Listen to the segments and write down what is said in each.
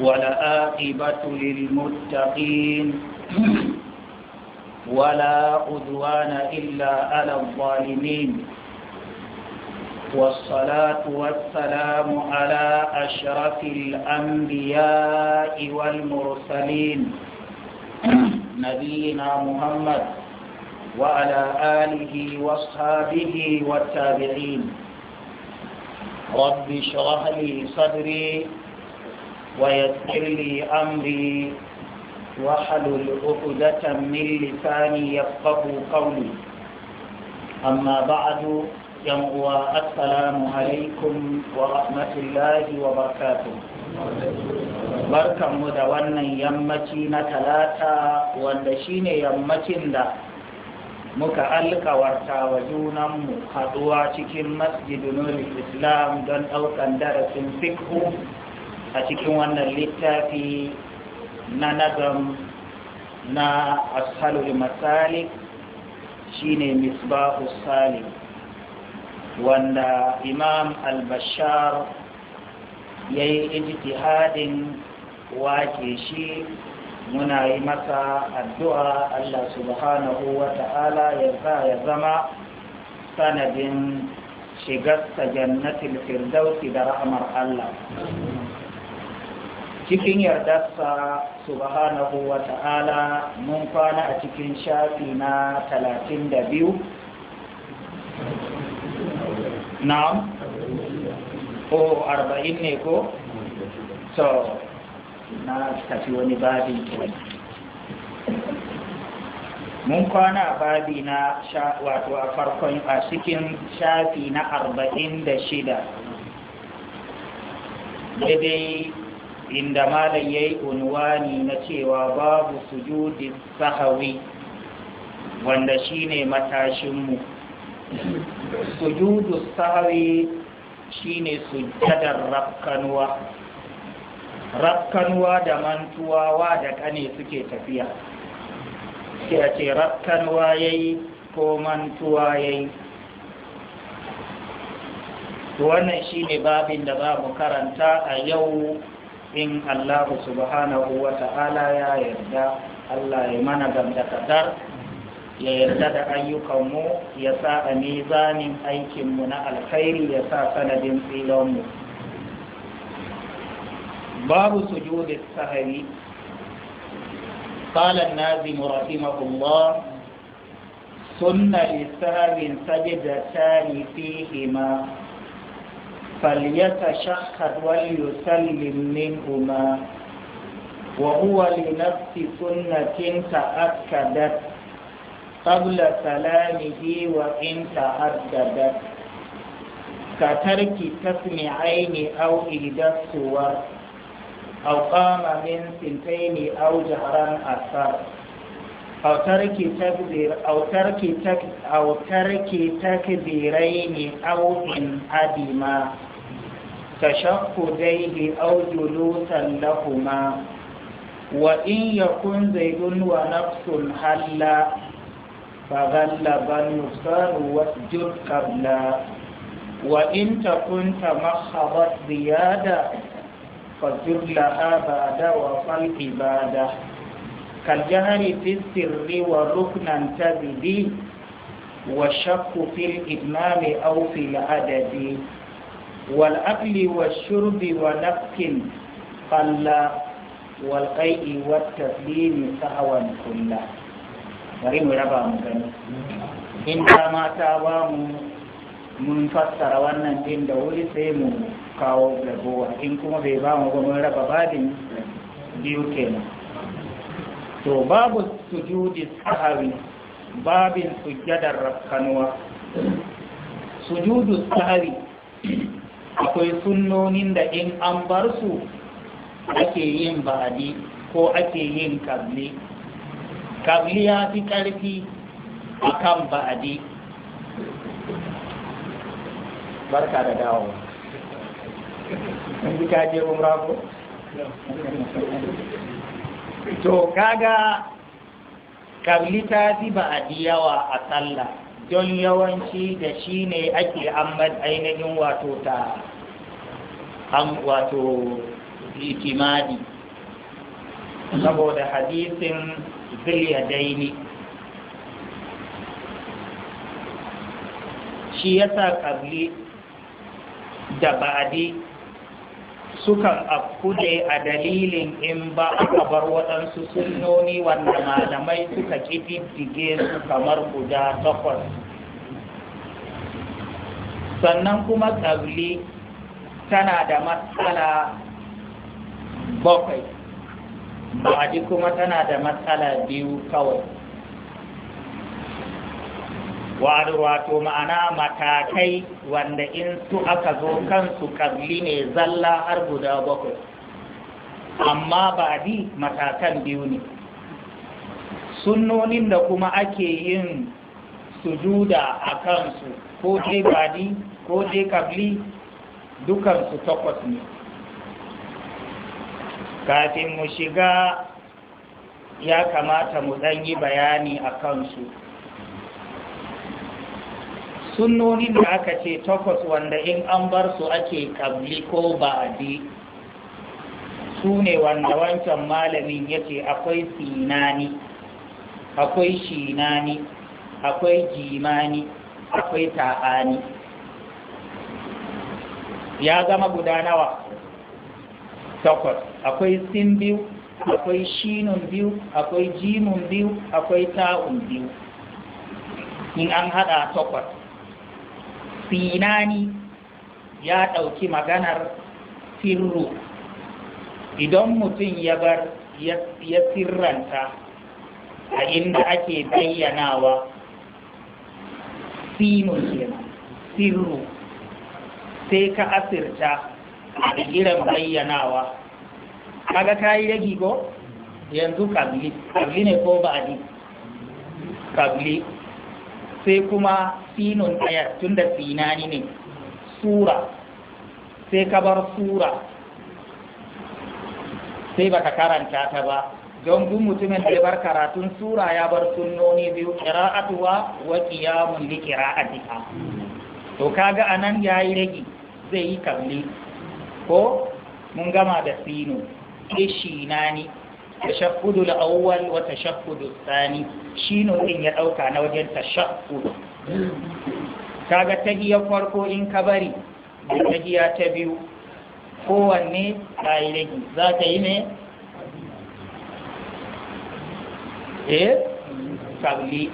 ولآقبة للمتقين ولا عدوان إلا على الظالمين والصلاة والسلام على أشرف الأنبياء والمرسلين نبينا محمد وعلى آله وصحابه والتابعين رب شرح لي صدري ويسر لي أمري وحلل عقدة من لساني يفقه قولي أما بعد يمغوى السلام عليكم ورحمة الله وبركاته barkanmu da wannan yammaci na talata wanda shine yammacin da muka alkawarta wa junanmu haɗuwa cikin masjidunul islam don ɗaukan darasin fikhu a cikin wannan littafi na nazam na ashalul masalik shine misbahu salim wanda imam al-bashar ya yi ijtihadin wake shi muna yi masa addu'a Allah subhanahu wa ta'ala ya za ya zama sanadin shigarsa jannatin firdausi da rahmar Allah cikin yardarsa subhanahu wa ta'ala mun kwana a cikin shafi na talatin da biyu na'am ko arba'in ne ko so na tafi wani babi mun kwana a babi na wato a farkon a cikin shafi na arba'in da shida daidai inda malam yayi unwani na cewa babu sujudi sahawi wanda shine matashinmu sujudu sahawi shine sujjadar rakkanwa. Rakkanwa da mantuwawa da kane suke tafiya sai a ce rakkanwa yayi ko mantuwa yayi wannan shine babin da za mu karanta a yau in Allah subhanahu wa ta'ala ya yarda Allah ya mana gamdakatar ya yarda da ayyukanmu ya sa a nizanin aikinmu na alkhairi ya sa sanadin tsilonmu babu su sujudis sahari قال الناظم رحمه الله سن للسهو سجدتان hima falyata shakka wali yu salli mi kuma wa huwa li ta aka da tabula salami yi wa kin ka tarki tasmi au idan suwa au min sintaini au jaharan asa Aukarki takidirai ne auhin adima, تشققيه أو جلوسا لهما وإن يكن زيد ونفس هلا فغلبا يختار واسجد قبلا وإن تكن تمخضت زيادة فاسجد لها بعد وصل عبادة كالجهر في السر وركنا تبدي والشك في الإدمان أو في العدد والأكل والشرب ونفك قل wa والتسليم سهوا kula. bari mu raba mu gani in dama ta ba mu mun fassara wannan din da wuri sai mu kawo gabowa in kuma bai ba mu mun raba babin biyu kenan to babu su judi sahawi babin sujjadar rafkanuwa sujudu sahawi akwai sunnonin da in an bar su ake yin ba'adi ko ake yin kabli kabli ya fi ƙarfi a kan ba'adi barka da dawo jika kaje umra ko? to kaga kabli ta fi ba'adi yawa a sallah don yawanci da shi ne ake amma ainihin wato ta an wato itimadi saboda hadisin daini shi ya sa ƙabli da ba'adi sukan afkude a dalilin in ba aka bar waɗansu sunnoni wanda malamai suka ƙididdige su kamar guda takwas sannan kuma ƙabli tana da matsala bakwai ba'adi kuma tana da matsala biyu kawai wato ma'ana matakai wanda in su aka zo kansu kabli ne zalla har guda bakwai amma ba'adi matakan biyu ne sunonin da kuma ake yin sujuda a kansu ko dai ba'adi ko dai kabli dukansu takwas ne kafin mu shiga ya kamata mu ɗan yi bayani a kansu sunnonin da aka ce takwas wanda in an bar su ake kabli ko ba'adi su ne wanda wancan malamin ya ce akwai sinani akwai shinani akwai jimani akwai ta'ani ya zama guda nawa takwas akwai sin biyu akwai shinun biyu akwai jimun biyu akwai ta'un biyu in an hada takwas sinani ya ɗauki maganar sirru idan mutum ya bar ya sirranta a inda ake bayyanawa sinun sirru sai ka asirta a irin bayyanawa kaga ka yi ragi ko yanzu kabli kabli ne ko ba'adi kabli sai kuma sinun ɗaya tun da sinani ne sura sai ka bar sura sai ba ka karanta ta ba don duk mutumin da ya bar karatun sura ya bar sunnoni biyu qira'atuwa wa qiyamun a jiƙa. to kaga anan ya yi ragi zai yi kabli ko mun gama da sino ishi nani tashakkudu al-awwal wa tashakkudu al shino din ya ɗauka na wajen ta ga ta tahiyar farko in ka bari da giya ta biyu kowanne yi rage za ka yi ne eh kabli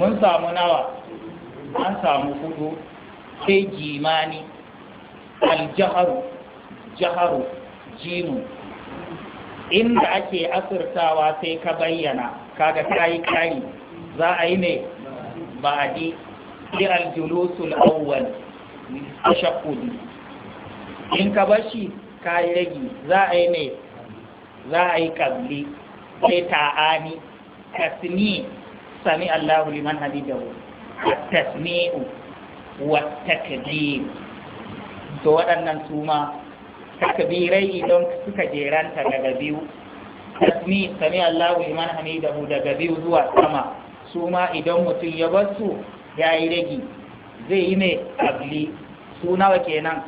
mun samu nawa an samu hudu sai jimani aljaharu jaharu jimu inda ake asirtawa sai ka bayyana kaga kayi kari za a yi ne ba a di ɗi aljulusul awwal a shakudi in ka bashi kayi ragi za a yi ne za a yi kabli sai ta'ani tasmi sami allahu liman hadidahu tasmi'u wa takdim to waɗannan su ma takbirai idan suka jeranta daga biyu tasmi sami Allahu liman hamidahu daga biyu zuwa sama su ma idan mutum ya bar su ya yi ragi zai yi mai abli su nawa kenan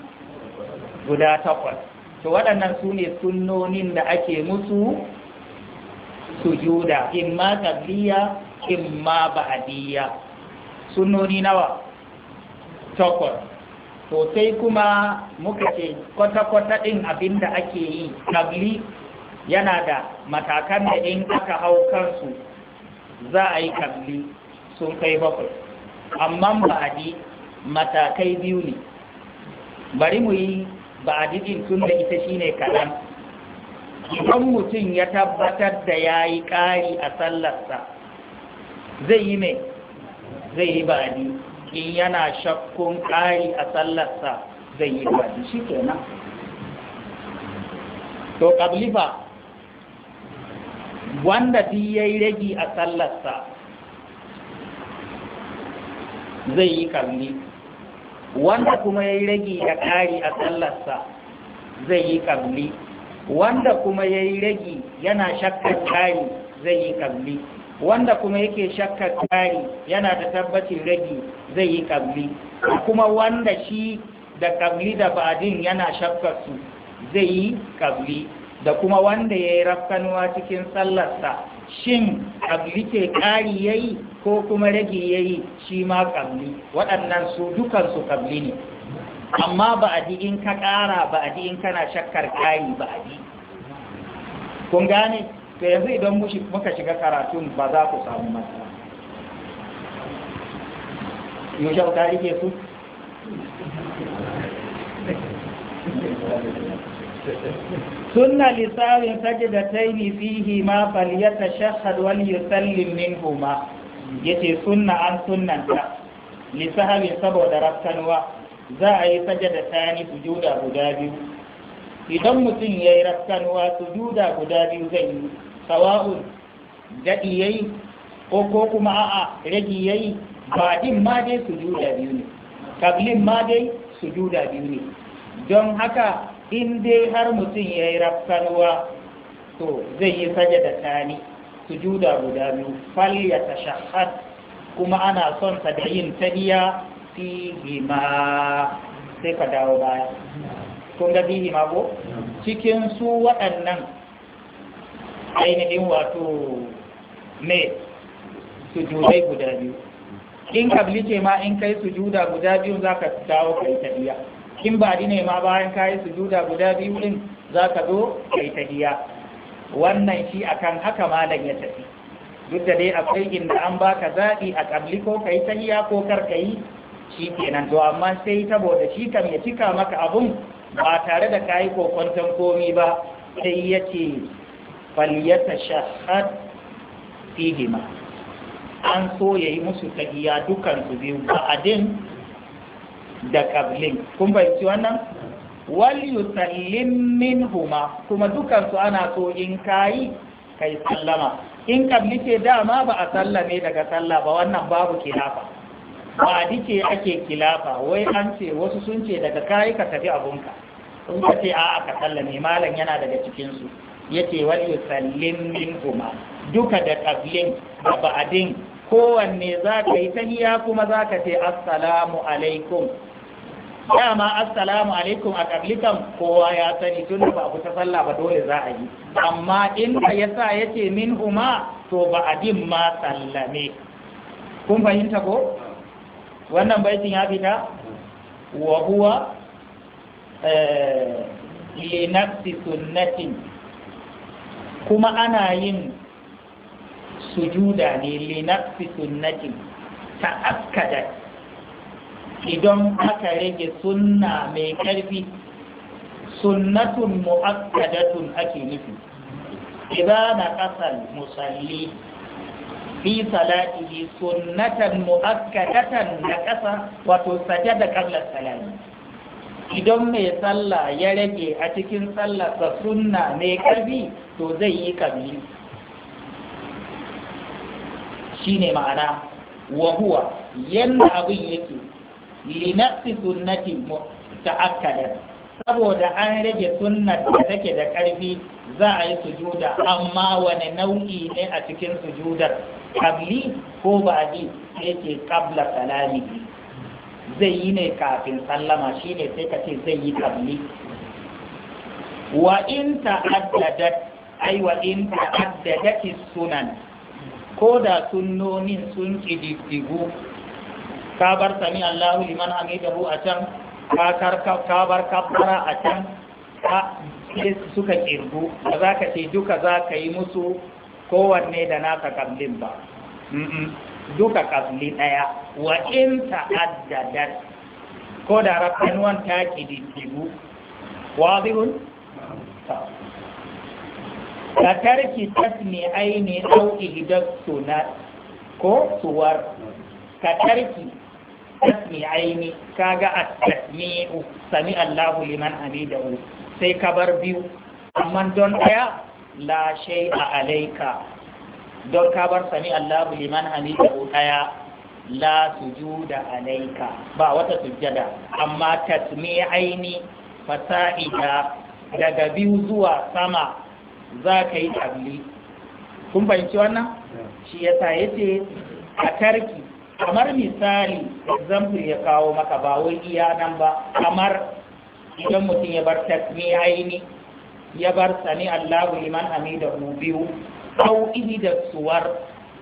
guda takwas to waɗannan su ne sunnonin da ake musu sujuda ma tabliya ma ba'adiyya sunnoni nawa takwas to sai kuma muka ce kwata-kwata ɗin abin da ake yi tabli yana da matakan da in aka hau kansu za a yi tabli sun kai bakwai amma ba'adi matakai biyu ne bari mu yi ba'adi ɗin tun da ita shine kaɗan idan mutum ya tabbatar da ya yi ƙari a sallarsa zai yi mai zai yi ba'adi in yana shakkun ƙari a sallarsa zai yi ƙari shi nan to ƙablifa wanda fi ya yi ragi a sallarsa zai yi ƙarni wanda kuma ya yi ragi a ƙari a sallarsa zai yi ƙarni wanda kuma ya yi ragi yana shakkun ƙari zai yi ƙarni wanda kuma yake shakkar kari yana da tabbacin ragi zai yi kabli kuma wanda shi da kabli da badin yana shakka su zai yi kabli da kuma wanda ya yi rafkanuwa cikin sallarsa shin kabli ke kari ya yi ko kuma ragi ya yi shi ma kabli waɗannan su dukansu kabli ne amma ba'adi in ka ƙara ba'adi in kana shakkar kari ba'adi kun gane to yanzu idan muka shiga karatun ba za ku samu matsala yau ta rike su suna lissarin sajidataini fihi ma wani sallin min goma ya ce suna an sunnanta lissarin saboda rakkanwa za a yi da su juda guda biyu idan mutum ya yi yayi su juda guda biyu zai yi sawa'un daɗi ko ko kuma a ragi ya yi baɗin ma dai su juda biyu ne tablin ma dai su juda biyu ne don haka in dai har mutum ya yi rafsarwa to zai yi saje da tani su juda guda biyu fal ta shahar kuma ana son sa da yin tadiya fi ma sai ka dawo baya kun ga bihi ko cikin su waɗannan ainihin wato mai sujudai guda biyu in kabli ce ma in kai sujuda guda biyu za ka dawo kai biya. in ba ne ma bayan kai sujuda guda biyu din za ka zo kai biya. wannan shi akan haka malam ya tafi duk da dai akwai inda an baka zaɗi a kabli ko kai tahiya ko kar yi, shi kenan to amma sai saboda shi kam ya cika maka abun ba tare da kayi kokon komi ba sai ya ce faliyata shahad fihima an so ya yi musu tahiya dukansu biyu ba'adin da kablin kun fahimci wannan wal min minhuma kuma dukansu ana so in kayi kai sallama in kabli ce dama ba a sallame daga sallah ba wannan babu kilafa a dike ake kilafa wai an ce wasu sun ce daga kayi ka tafi abunka sun ka ce a'a ka sallame malam yana daga cikinsu Yake wa sallin minhuma duka da qablin da ba'din kowanne za ka yi tahiya kuma za ka ce assalamu alaikum dama assalamu alaikum a kablikan kowa ya sani tun da ba ku ta sallah ba dole za a yi amma in ka yasa yake minhuma to ba ma sallame kun fahimta ko wannan baitin ya fita wa huwa eh, li nafsi sunnatin kuma ana yin sujuda ne linafsi sunnatin ta askada idan aka rage sunna mai ƙarfi sunnatun mu'akkadatun ake nufi idza na ƙasar musalli fi salati sunnatan mu'akkadatan na ƙasa wato sajada qabla salati idan mai sallah ya rage a cikin sallarsa suna mai ƙarfi to zai yi ƙabili shi ne ma'ana wahuwa yadda abin yake linafi sunnati ta'akkada saboda an rage sunnar da take da ƙarfi za a yi sujuda amma wani nau'i ne a cikin sujudar ƙabli ko ba ji yake ƙabla salami zai yi ne kafin sallama shine sai ka ce zai yi kabli wa in ta'addadat ai wa in ta'addadat sunan ko da sunnonin sun kididdigu ka bar sami Allahu liman hamidahu a can ka bar kabbara a can ka suka kirgu ba za ka ce duka za ka yi musu kowanne da naka kablin ba duka ƙasli ɗaya wa in ta'addadar ko da wan ta ƙididdigu wazihun ta tarki tasmi aini au ihdar sunat ko suwar ka tarki tasmi aini kaga at-tasmi'u sami Allahu liman hamidahu sai ka bar biyu amma don daya la shay'a alayka don ka bar sami Allahu liman hamidahu daya la sujuda alayka ba wata sujjada amma aini fasa'ida daga biyu zuwa sama za ka yi tabli kun fahimci wannan shi ya yasa yace a tarki kamar misali example ya kawo maka ba wai iya nan ba kamar idan mutum ya bar aini ya bar sami Allahu liman hamidahu biyu au da suwar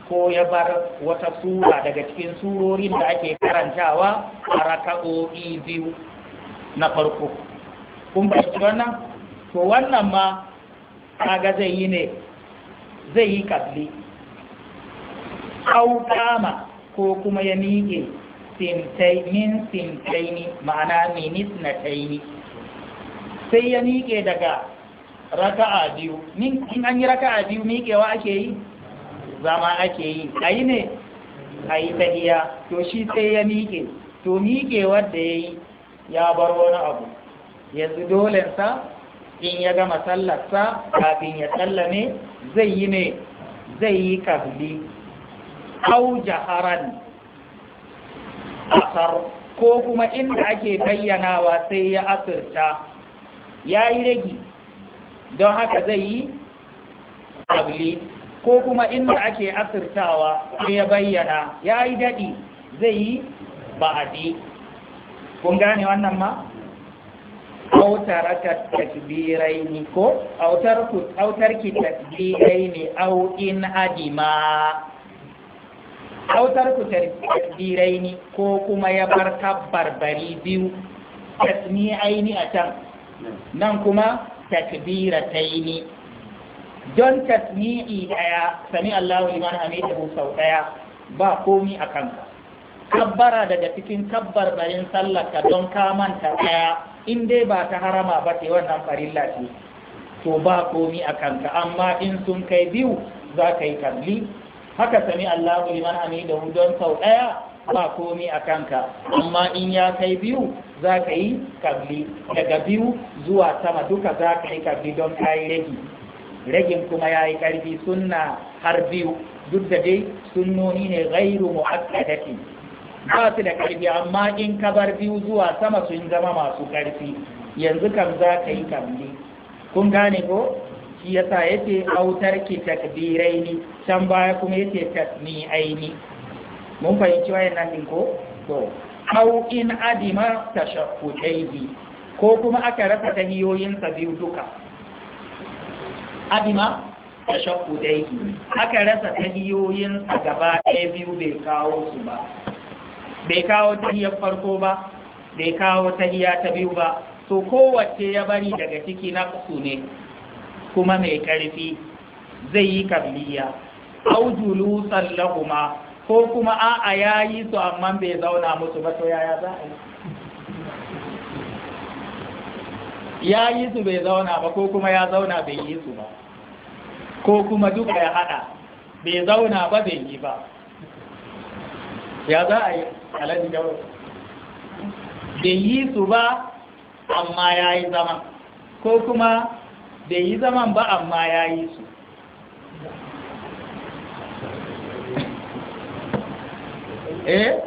ko ya bar wata sura daga cikin surorin da ake karantawa a raka'o'i biyu na farko kun fahimci wannan to wannan ma kaga zai yi ne zai yi kabli au kama ko kuma ya miƙe min sintaini ma'ana minis na taini sai ya miƙe daga raka'a biyu in an yi raka'a biyu miƙewa ake yi zama ake yi a ne a yi iya. to shi sai ya miƙe to miƙewar da ya yi ya bar wani abu yanzu dolensa in ya gama sallarsa kafin ya tsallame zai yi ne zai yi kabli au jaharan asar ko kuma inda ake bayyanawa sai ya asirta ya yi ragi don haka zai yi abli ko kuma inda ake asirtawa sai ya bayyana ya yi daɗi zai yi ba'adi kun gane wannan ma autaraka takbirai ne ko autarki tasbirai ne au in adima ku takbirai ne ko kuma ya bar tabbar bari biyu tasmi'ai ne a can nan kuma Takbira takbirataini don tasmi'i daya sami Allahu liman hamidahu sau daya ba komi a kanka kabbara daga cikin kabbarbarin sallaka don ka manta daya in dai ba ta harama ba ce wannan farilla ce to ba komi a kanka amma in sun kai biyu za ka yi kalli haka sami Allahu liman hamidahu don sau daya ba komi a kanka amma in ya kai biyu za ka yi kabli daga biyu zuwa sama duka za ka yi kabli don ka yi ragi ragin kuma ya yi ƙarfi suna har biyu duk da dai sunnoni ne gairu mu'akkadati ba su da ƙarfi amma in ka bar biyu zuwa sama sun zama masu ƙarfi yanzu kam za ka yi kabli kun gane ko shi ya yasa yake autar ki ne, can baya kuma yace tasmi'aini mun fahimci wayannan din ko to au in adima tashaffutaihi ko kuma aka rasa tahiyoyin sa biyu duka adima tashaffutaihi aka rasa tahiyoyin sa gaba ɗaya biyu bai kawo su ba bai kawo tahiyar farko ba bai kawo tahiya ta biyu ba to kowace ya bari daga ciki na su ne kuma mai ƙarfi zai yi kabliya au julusan lahuma ko kuma a'a ya yi su amma bai zauna musu ba to yaya za a yi ya yi su bai zauna ba ko kuma ya zauna bai yi su ba ko kuma duka ya hada bai zauna ba bai yi ba ya za a yi alaji da bai yi su ba amma ya yi zama ko kuma bai yi zaman ba amma ya yi su eh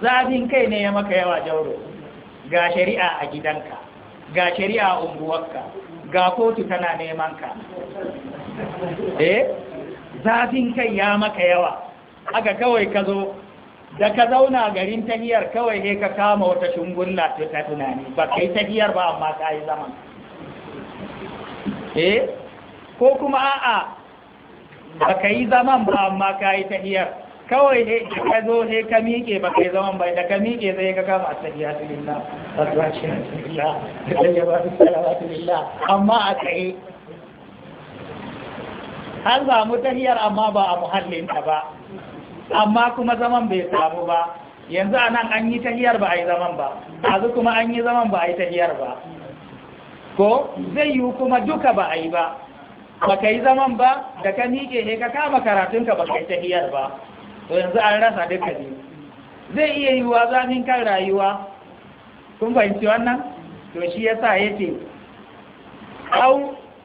zafin kai ne ya maka yawa jauro ga shari'a a gidanka ga shari'a a unguwarka ga kotu tana neman ka eh zafin kai ya maka yawa aka kawai ka zo da ka zauna garin tahiyar kawai ne ka kama wata shungulla ta tunani ba kai tahiyar ba amma ka yi zaman eh ko kuma a'a ba ka yi zaman ba amma ka yi tahiyar kawai ne ka zo he ka miƙe ba kai zaman bai da ka miƙe zai ka kama a lillah asahiyatu lillah tayyibatu salawatu amma a tsaye an samu tahiyar amma ba a muhallin ta ba amma kuma zaman bai samu ba yanzu a nan an yi tahiyar ba a yi zaman ba zu kuma an yi zaman ba a yi tahiyar ba ko zai yi kuma duka ba a yi ba ba ka yi zaman ba da ka miƙe ne ka kama karatunka ba ka yi tahiyar ba to yanzu an rasa duka ne zai iya yiwuwa zafin kan rayuwa kun fahimci wannan to shi sa ya ce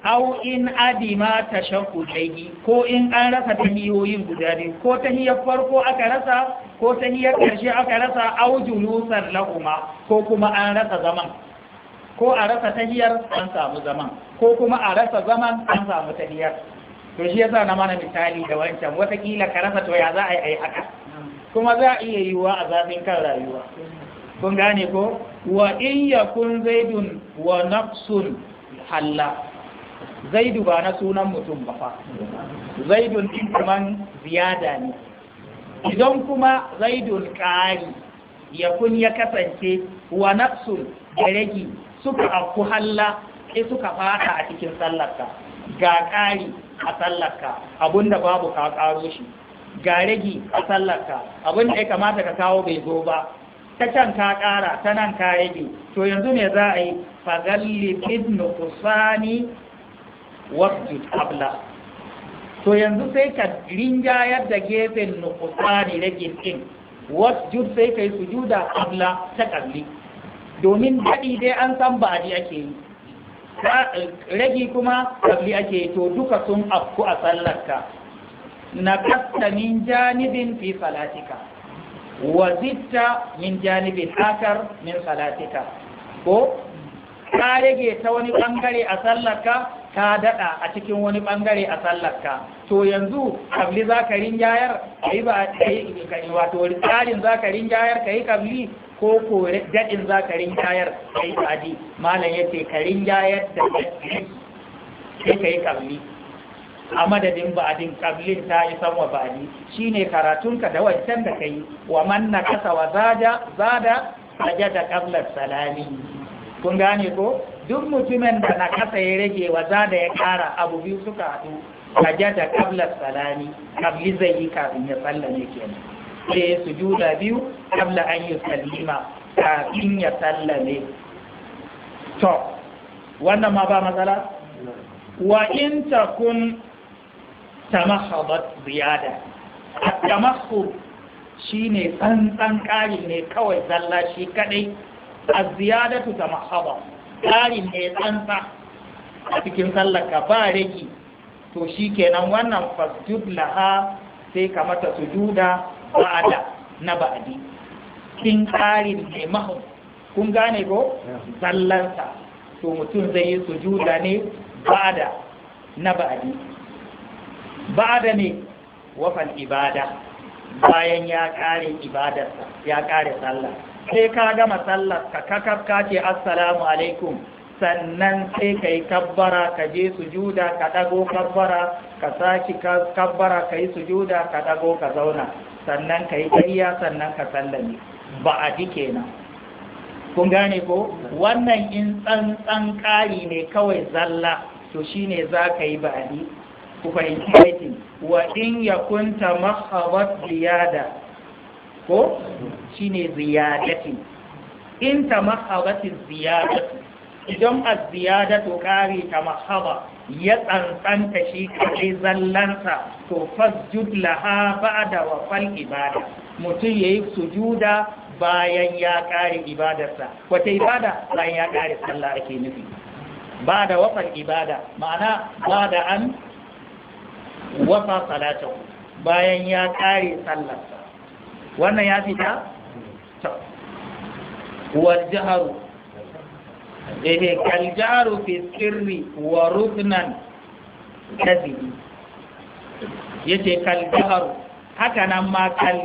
au in adima shanku daigi ko in an rasa hiyoyin guda ne ko tahiyar farko aka rasa ko tahiyar karshe aka rasa au julusan lahuma ko kuma an rasa zaman ko a rasa hiyar an samu zaman ko kuma a rasa zaman an samu hiyar to shi yasa na mana misali da wancan watakila ka rasa to ya za a yi a yi haka kuma za a iya yiwuwa a zafin kan rayuwa kun gane ko wa in kun zaidun wa nafsun halla zaidu ba na sunan mutum ba fa zaidun din kuma ziyada ne idan kuma zaidun ƙari kun ya kasance wa nafsun da rage suka afku halla sai suka fata a cikin sallarka ga kari a tsallaka abinda babu ka karo shi ga a tsallaka abinda ya kamata ka kawo bai zo ba ta can ka kara ta nan ka rage to yanzu ne za a yi fagalli idnu kusani waqti abla. to yanzu sai ka rinjayar yadda gefen nukusani rage din wasjud sai ka yi sujuda abla ta kalli domin daɗi dai an san ba a ake yi ragi kuma kabli ake to duka sun afku a sallarka na kasta min janibin fi salatika wa zitta min janibin akar min salatika ko ka rage ta wani bangare a sallarka ta daɗa a cikin wani ɓangare a sallarka to yanzu kabli za ka ringayar ka yi ba wato tsarin za ka ringayar ka yi kabli ko ko daɗin za ka ringayar ka yi tsadi malam ya ce ka ringayar da daɗi sai ka yi kabli a madadin ba'adin kablin ta yi sanwa ba'adi shi ne karatunka da wancan da ka yi wa manna na kasa wa zada zada sajada kablar salami kun gane ko duk mutumin da na kasa ya rage waza da ya kara abu biyu suka haɗu da qabla salami kabli zai kafin ya sallame kenan sai ya sujuda biyu kabla an salima kafin ya sallame to wannan ma ba matsala wa in kun tamahadat ziyada at-tamahhud shine tsantsan ƙari ne kawai zalla shi az-ziyadatu mahaba, ƙari ne tsansa a cikin ka, ba rage to shi kenan wannan fasjud laha sai ka mata sujuda ba'ada na ba'adi kin ƙarin ne mahu kun gane ko zallansa to mutum zai yi sujuda ne ba'ada na ba'adi ba'ada ne wafan ibada bayan ya ƙare ibadarsa ya ƙare sallah sai ka gama sallar ka kakaf ka ce assalamu alaikum sannan sai ka yi kabbara ka je sujuda ka ɗago kabbara ka sake kabbara ka yi sujuda ka ɗago ka zauna sannan ka yi ɗariya sannan ka sallame ba a ji kenan kun gane ko wannan in tsantsan ƙari ne kawai zalla to shine za ka yi ba a ba'adi ku fahimci aikin wa in kunta mahabat ziyada ko shine ziyadati in tamahhabati ziyadatu idan az-ziyadatu ta tamahhaba ya tsantsanta shi kai zallansa to fasjud laha ba'da da wafal ibada mutum ya yi sujuda bayan ya kare ibadarsa wata ibada bayan ya kare sallah ake nufi ba da wafal ibada ma'ana ba da an wafa salatahu bayan ya kare sallarsa wannan ya fita wal jaharu ehe eh, kal fi sirri wa kazibi yace kal jaharu haka nan ma kal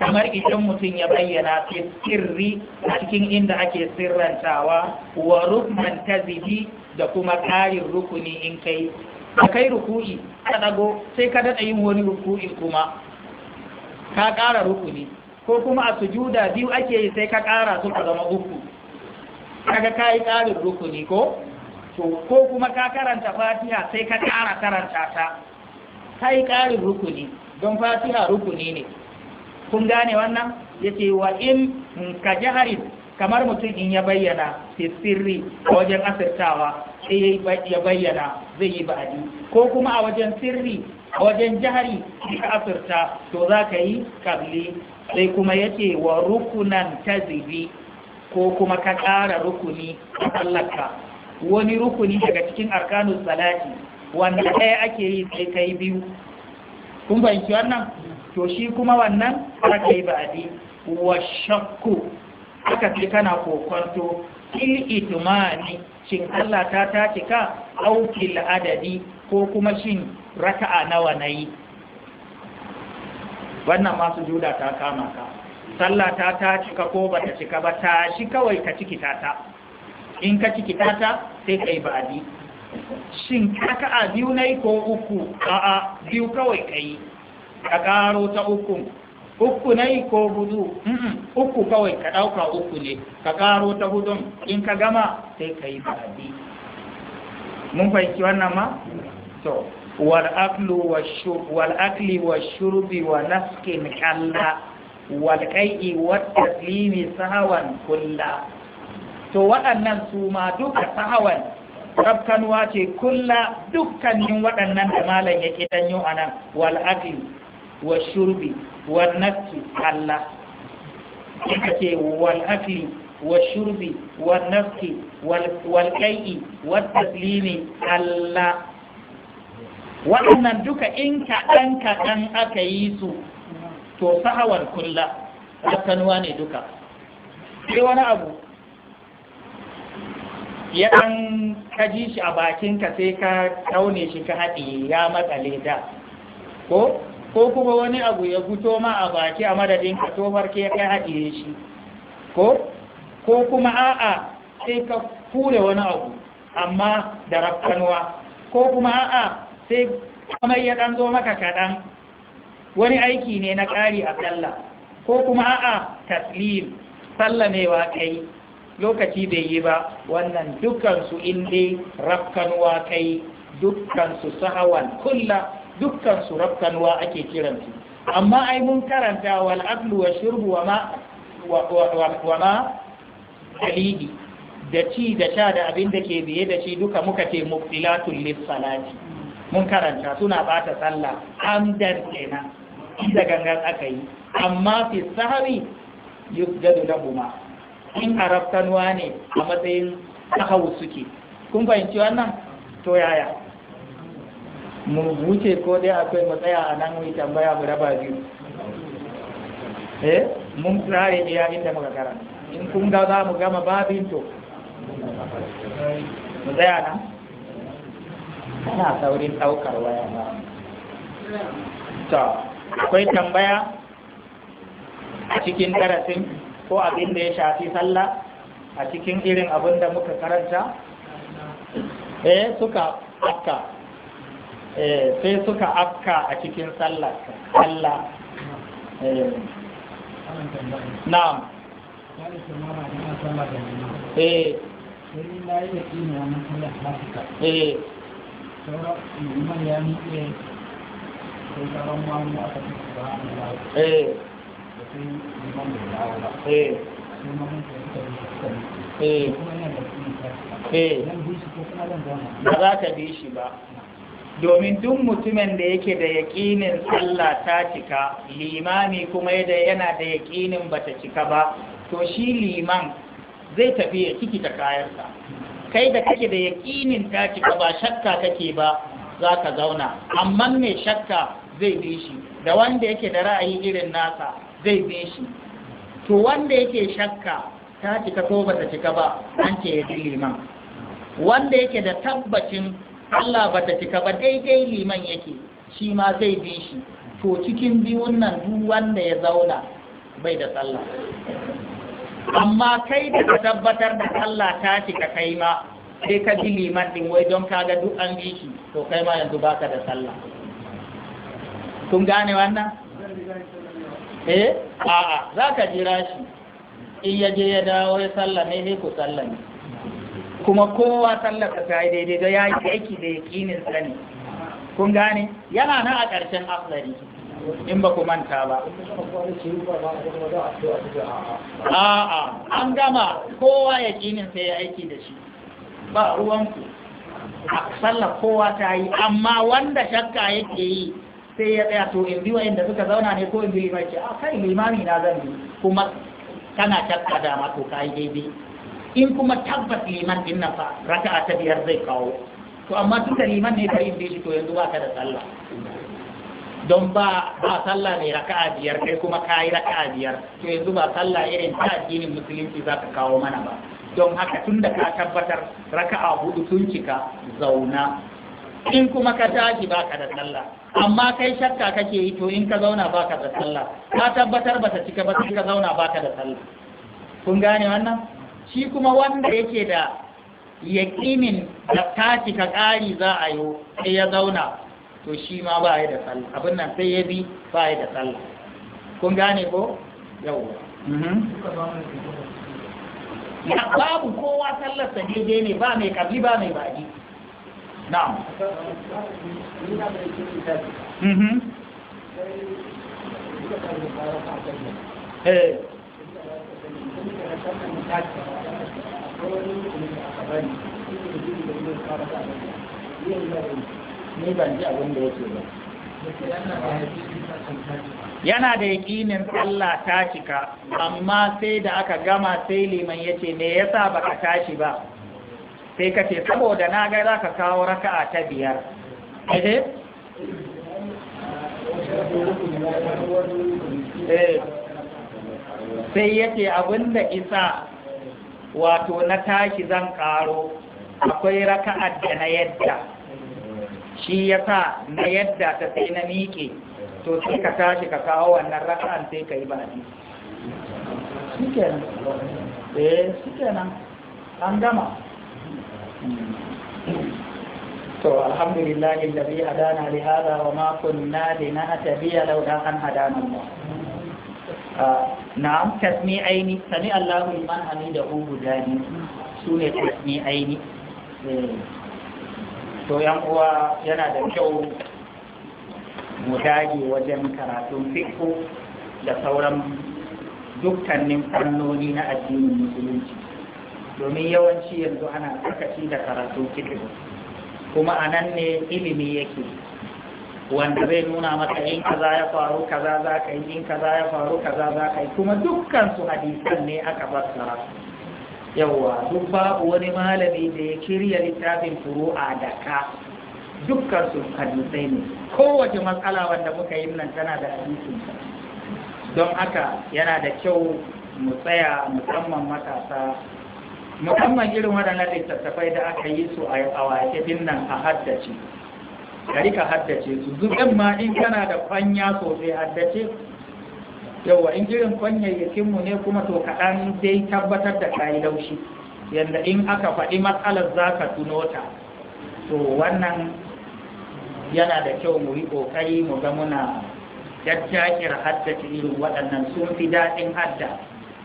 kamar idan mutum ya bayyana fi sirri a cikin inda ake sirrantawa wa rukman kazibi da kuma kayin rukuni in kai da kai ruku'i ka ɗago sai ka daɗa yin wani ruku'i kuma ka ƙara rukuni ko kuma a sujuda biyu ake yi sai ka ƙara su a zama uku kaga ka yi ƙarin rukuni ko ko kuma ka karanta fatiha sai ka ƙara karanta ta ka yi ƙarin rukuni don fatiha rukuni ne kun gane wannan ya ce wa in ka jihari kamar mutum in ya bayyana sirri a wajen asirtawa sai ya bayyana zai yi ba'adi ko kuma a wajen sirri wajen jihari ka asirta to za ka yi kabli sai kuma yake wa rukunan tazibi ko kuma ka ƙara rukuni a tsallaka wani rukuni daga cikin arkanu salati wanda ɗaya ake yi sai ka yi biyu kun fahimci wannan to shi kuma wannan aka yi ba'adi wa shakku aka fi kana kokonto in itimani shin Allah ta tace ka aukil adadi ko kuma shin raka'a nawa na yi wannan masu juda ta kama ka sallata ta cika ko ba ta cika ba ta shi kawai ka ciki tata in ka ciki tata sai ka yi ba'adi shin raka'a biyu na yi ko uku a'a biyu kawai ka yi ka karo ta uku uku na yi ko hudu uku kawai ka ɗauka uku ne ka karo ta hudun in ka gama sai ka yi ba'adi mun fahimci wannan ma? to wa والشرب wa والشرب kalla, كلا والكيء والتسليم sahawan كلا to waɗannan su ma duka sahawan rafkanuwa ce kulla dukkanin waɗannan da malam ya ke danyo a nan wal wa shurbi wa nafsi kalla. ita ce wa shurbi wa waɗannan duka in kaɗan kaɗan aka yi su to sahawar kulla kanuwa ne duka sai wani abu ya ɗan kaji shi a bakinka sai ka taune shi ka haɗe ya matsale da ko ko kuma wani abu ya guto ma a baki a madadin ka to ke kai haɗiye shi ko ko kuma a'a sai ka kure wani abu amma da rafkanuwa ko kuma a'a sai amai ya ɗan zo maka kaɗan wani aiki ne na ƙari a sallah ko kuma a'a taslim sallamewa kai lokaci bai yi ba wannan dukkansu inda rafkanuwa kai dukkansu sahawan kulla dukansu rafkanuwa ake kiransu amma ai mun karanta wal aklu wa shirbu wa ma wa ma da ci da sha da abin da ke biye da shi duka muka ce muftilatul lis salati mun karanta suna bata sallah amdan kenan da gangan aka yi amma fi sahari da lahuma in arabtanwa ne a matsayin sahawu suke kun fahimci wannan to yaya mu wuce ko dai akwai matsaya a nan mu tambaya mu raba biyu eh mun tsare iya inda muka karanta in kun ga za mu gama babin to mu tsaya nan kana saurin ɗaukar waya ba ta akwai tambaya a cikin darasin ko abin da ya shafi sallah a cikin irin abin da muka karanta eh suka afka eh sai suka afka a cikin sallah Allah eh na'am eh eh ba za ka bi shi ba domin duk mutumin da yake da yaƙinin sallah ta cika limami kuma yana da ba ta cika ba to shi liman zai tafi ya ciki ta kayarsa kai da kake da yakinin ta cika ba shakka kake ba za ka zauna amma mai shakka zai bi shi da wanda yake da ra'ayi irin nasa zai bi shi to wanda yake shakka ta cika ko ba ta cika ba an ce ya liman wanda yake da tabbacin Allah ba ta cika ba daidai liman yake shi ma zai bi shi to cikin biyun nan duk wanda ya zauna bai da sallah amma kai da ka tabbatar da Allah ta ce ka kai ma sai ka ji liman din wai don ka ga duk an bi shi to kai ma yanzu baka da sallah kun gane wannan eh a'a za ka jira shi in ya je ya dawo ya sallah ne, sai ku sallah ne. kuma kowa sallah ta yi daidai da ya yi aiki da yakinin sani kun gane yana nan a ƙarshen afdari in ba ku manta ba a'a an gama kowa ya ƙinin sai ya aiki da shi ba ruwanku a sallar kowa ta yi amma wanda shakka yake yi sai ya tsaya to in biwa inda suka zauna ne ko in biyu mai ce a kai limami na zan kuma kana shakka dama to ka yi daidai in kuma tabbas liman din nan fa raka'a ta biyar zai kawo to amma duka liman ne ka yi to yanzu ba ka da sallah don ba ba sallah ne raka'a biyar kai kuma kayi raka'a biyar to yanzu ba sallah irin ta addinin musulunci za ka kawo mana ba don haka tun da ka tabbatar raka'a hudu sun cika zauna in kuma ka tashi ba ka da sallah amma kai shakka kake yi to in ka zauna ba ka da sallah ka tabbatar ba ta cika ba ka zauna ba ka da sallah kun gane wannan shi kuma wanda yake da yaƙinin da ta cika ƙari za a yi sai ya zauna to shi ma ba ya da sallah abin nan sai ya bi ba ya da sallah kun gane ko yawwa mhm. ya babu kowa sa daidai ne ba mai kabi ba mai baji na mhm eh ni da yake ba yana da yaƙinin Allah ta cika amma sai da aka gama sai liman yace me yasa baka tashi ba sai ka saboda na ga za ka kawo raka'a ta biyar eh sai yace abinda isa wato na tashi zan karo akwai raka'a da na yadda shi ya sa na yadda ta sai na miƙe to sai ka tashi ka kawo wannan raka'an sai ka yi ba ne shi kenan eh shi kenan an gama to inda alladhi hadana li hada wa ma kunna biya lauda an hadana Allah ah, na'am tasmi aini sami Allahu liman hamidahu budani sune tasmi aini eh. to yan uwa yana da kyau mu dage wajen karatun fiko da sauran dukkanin fannoni na addinin musulunci domin yawanci yanzu ana tsakaci da karatun fiqh kuma a nan ne ilimi yake wanda zai nuna maka in kaza ya faru kaza za ka yi in kaza ya faru kaza za ka yi kuma dukkan su hadisan ne aka fassara Yawwa, duk babu wani malami da ya kirya littafin furu'a a ka dukkan su hadisai ne kowace matsala wanda muka yi nan tana da hadisin don haka yana da kyau mu tsaya musamman matasa musamman irin waɗannan littattafai da aka yi su a wakilin nan a haddace ka rika haddace su zuɓen ma in kana da fanya sosai haddace Yau, yawa in kwanyayyakin kwanyayyakinmu ne kuma to kaɗan dai tabbatar da kayi laushi yadda in aka faɗi matsalar za ka tuno ta to wannan yana da kyau mu yi ƙoƙari mu ga muna jajjakir haddace irin waɗannan sun fi daɗin hadda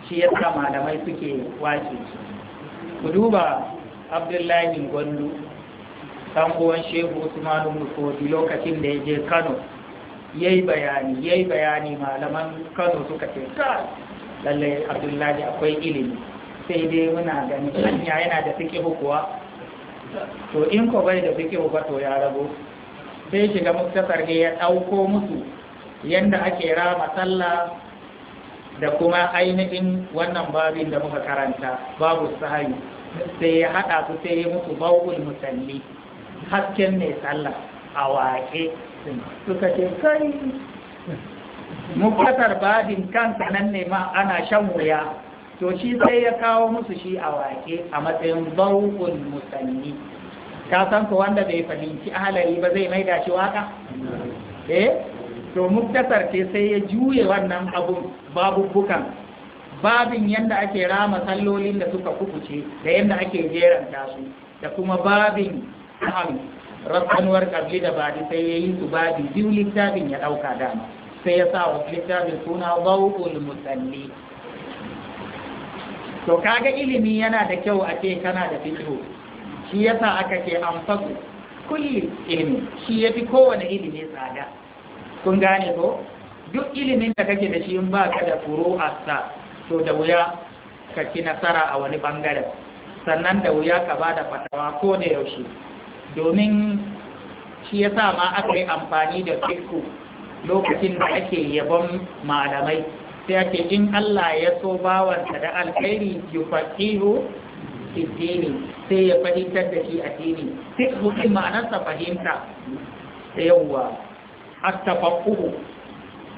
shi ya da malamai suke wace ku duba abdullahi gwandu ɗan uwan shehu usmanu musodi lokacin da ya je kano yayi bayani yayi bayani malaman Kano suka ce ka lalle Abdullahi akwai ilimi sai dai muna gani hanya yana da suke hukuwa to in ko bai da suke hukuwa to ya rago sai shiga muktasar ne ya ɗauko musu yanda ake rama sallah da kuma ainihin wannan babin da muka karanta babu sahayi sai ya haɗa su sai ya mutu bawul musalli hasken mai sallah a waƙe suka ce kai muktasar babin kanta nan ne ma ana shan wuya to shi sai ya kawo musu shi a wake a matsayin bau'ul musanni ka san ko wanda bai fahimci ahalari ba zai maida shi waka eh to muktasar ce sai ya juye wannan abun babu-bukan, babin yanda ake rama sallolin da suka kukuce da yadda ake jeranta su da kuma babin rafkanuwar ƙabli da baɗi sai ya yi su baɗi biyu littafin ya ɗauka dama sai ya sa wa littafin suna bau'ul musalli to kaga ilimi yana da kyau a ce kana da fito shi ya sa aka ce an fasu kulli ilimi shi ya fi kowane ilimi tsada kun gane ko duk ilimin da kake da shi in ba ka da furu sa to da wuya ka ci nasara a wani bangaren sannan da wuya ka ba da fatawa ko da yaushe domin shi ya sa ma aka yi amfani da fiku lokacin da ake yabon malamai sai ake in Allah ya so bawansa da alkhairi yufaqihu addini sai ya fahimtar da shi a addini sai hukin ma'anarsa fahimta yawwa a tafaqquh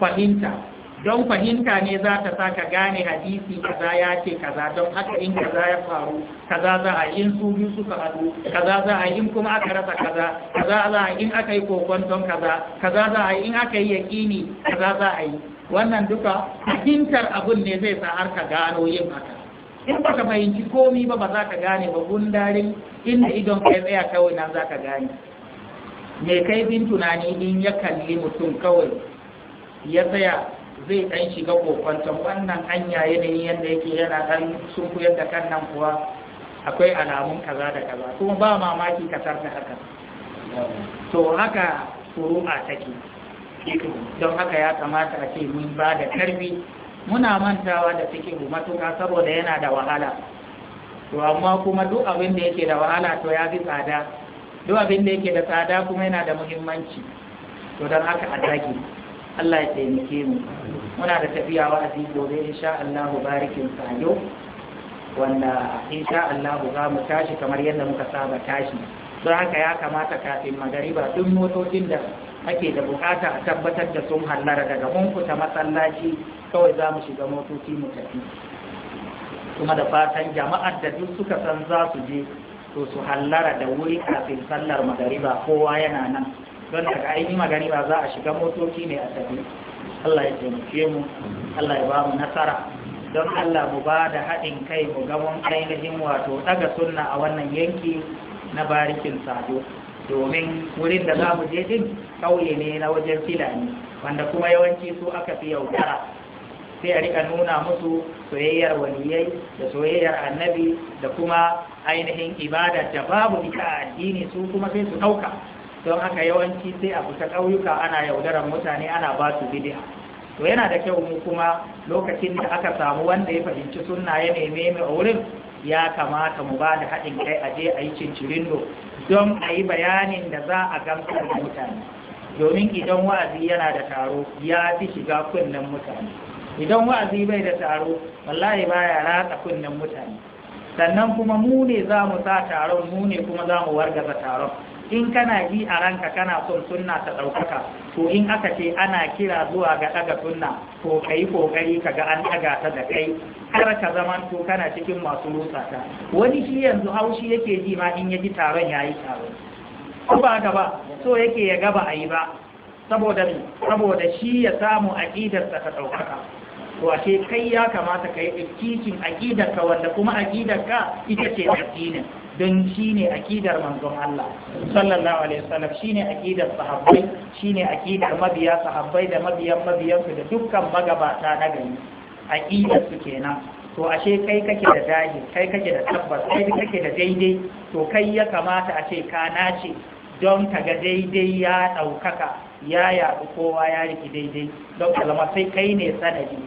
fahimta don fahimta ne za ta sa ka gane hadisi kaza ya ce kaza don haka in kaza ya faru kaza za a in su biyu suka haɗu kaza za a in kuma aka rasa kaza kaza za a in aka yi kokon don kaza kaza za a in aka yi yaƙini kaza za a yi wannan duka fahimtar abun ne zai sa har ka gano yin haka in baka fahimci komi ba ba za ka gane ba gundarin inda idon kai tsaya kawai nan za ka gane me kai bin tunani in ya kalli mutum kawai ya tsaya zai ɗan shiga kokwanton wannan hanya yanayi yadda yake yana ɗan sunku yadda kan nan kuwa akwai alamun kaza da kaza kuma ba mamaki kasar da haka to haka furu'a take don haka ya kamata a ce mun ba da muna mantawa da fikihu matuƙa saboda yana da wahala to amma kuma duk abin da yake da wahala to ya fi tsada duk abin da yake da tsada kuma yana da muhimmanci to don haka a dage Allah ya taimake mu muna da tafiya wa'azi gobe insha Allah barikin sa yau wanda insha Allah za mu tashi kamar yadda muka saba tashi don haka ya kamata kafin magariba duk motocin da ake da bukata a tabbatar da sun hallara daga mun fita masallaci kawai za mu shiga motoci mu tafi kuma da fatan jama'ar da duk suka san za su je to su hallara da wuri kafin sallar magariba kowa yana nan don daga ainihin magani ba za a shiga motoci ne a tafi Allah ya taimake mu Allah ya ba mu nasara don Allah mu ba da haɗin kai mu gaban ainihin wato ɗaga sunna a wannan yanki na barikin sado domin wurin da za mu je din kauye ne na wajen filani wanda kuma yawanci su aka fi yaudara sai a rika nuna musu soyayyar waliyai da soyayyar annabi da kuma ainihin ibada da babu ita a addini su kuma sai su ɗauka don haka yawanci sai a fita ƙauyuka ana yaudarar mutane ana ba su bid'a to yana da kyau mu kuma lokacin da aka samu wanda ya fahimci sunna ya neme mu a wurin ya kamata mu ba da haɗin kai a je a yi cincirindo don a yi bayanin da za a gamsar da mutane domin idan wa'azi yana da taro ya fi shiga kunnen mutane idan wa'azi bai da taro wallahi baya ratsa kunnen mutane sannan kuma mu ne za mu sa taron mu ne kuma za mu wargaza taron in kana yi a ranka kana son sunna ta ɗaukaka to in aka ce ana kira zuwa ga ɗaga sunna to ka yi ƙoƙari ka ga an ɗaga ta da kai har ka zama to kana cikin masu rusa ta wani shi yanzu haushi yake ji ma in ya taron ya yi taron ko ba ka ba so yake ya gaba a yi ba saboda saboda shi ya samu aƙidarsa ta ɗaukaka ashe kai ya kamata ka yi ɗaukikin aƙidarka wanda kuma ka ita ce addinin don shi ne akidar manzon Allah sallallahu alaihi wasallam shi ne akidar sahabbai shi ne akidar mabiya sahabbai da mabiyan mabiyansu da dukkan magabata na gari akidar su kenan to ashe kai kake da dahi kai kake da tabbas kai kake da daidai to kai ya kamata a ce ka nace don ka ga daidai ya ɗaukaka ya yaɗu kowa ya riki daidai don kalama sai kai ne sanadi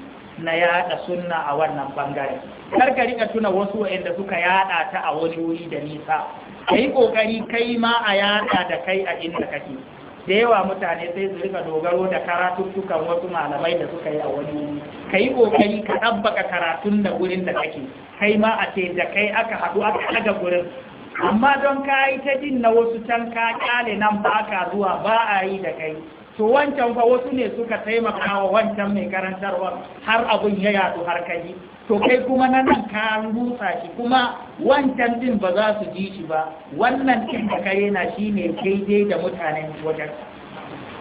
na yada sunna a wannan bangare kar ka rika tuna wasu wa'anda suka yada ta a wani wuri da nisa kai kokari kai ma a yada da kai a inda kake da yawa mutane sai su rika dogaro da karatuttukan wasu malamai da suka yi a wani wuri ka yi ƙoƙari ka ɗabbaka karatun da wurin da kake kai ma a ce da kai aka haɗu aka ɗaga gurin amma don ka yi ta jin na wasu can ka ƙyale nan ba ka zuwa ba a yi da kai to wancan fa wasu ne suka taimaka wa wancan mai karantarwar har abun ya yadu har kai to kai kuma na nan ka rusa shi kuma wancan din ba za su ji shi ba wannan din da kai na shi ne daidai da mutanen wajen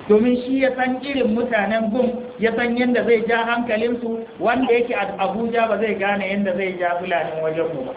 domin shi ya san irin mutanen gun ya san yadda zai ja hankalinsu wanda yake abuja ba zai gane yadda zai ja fulanin mu ba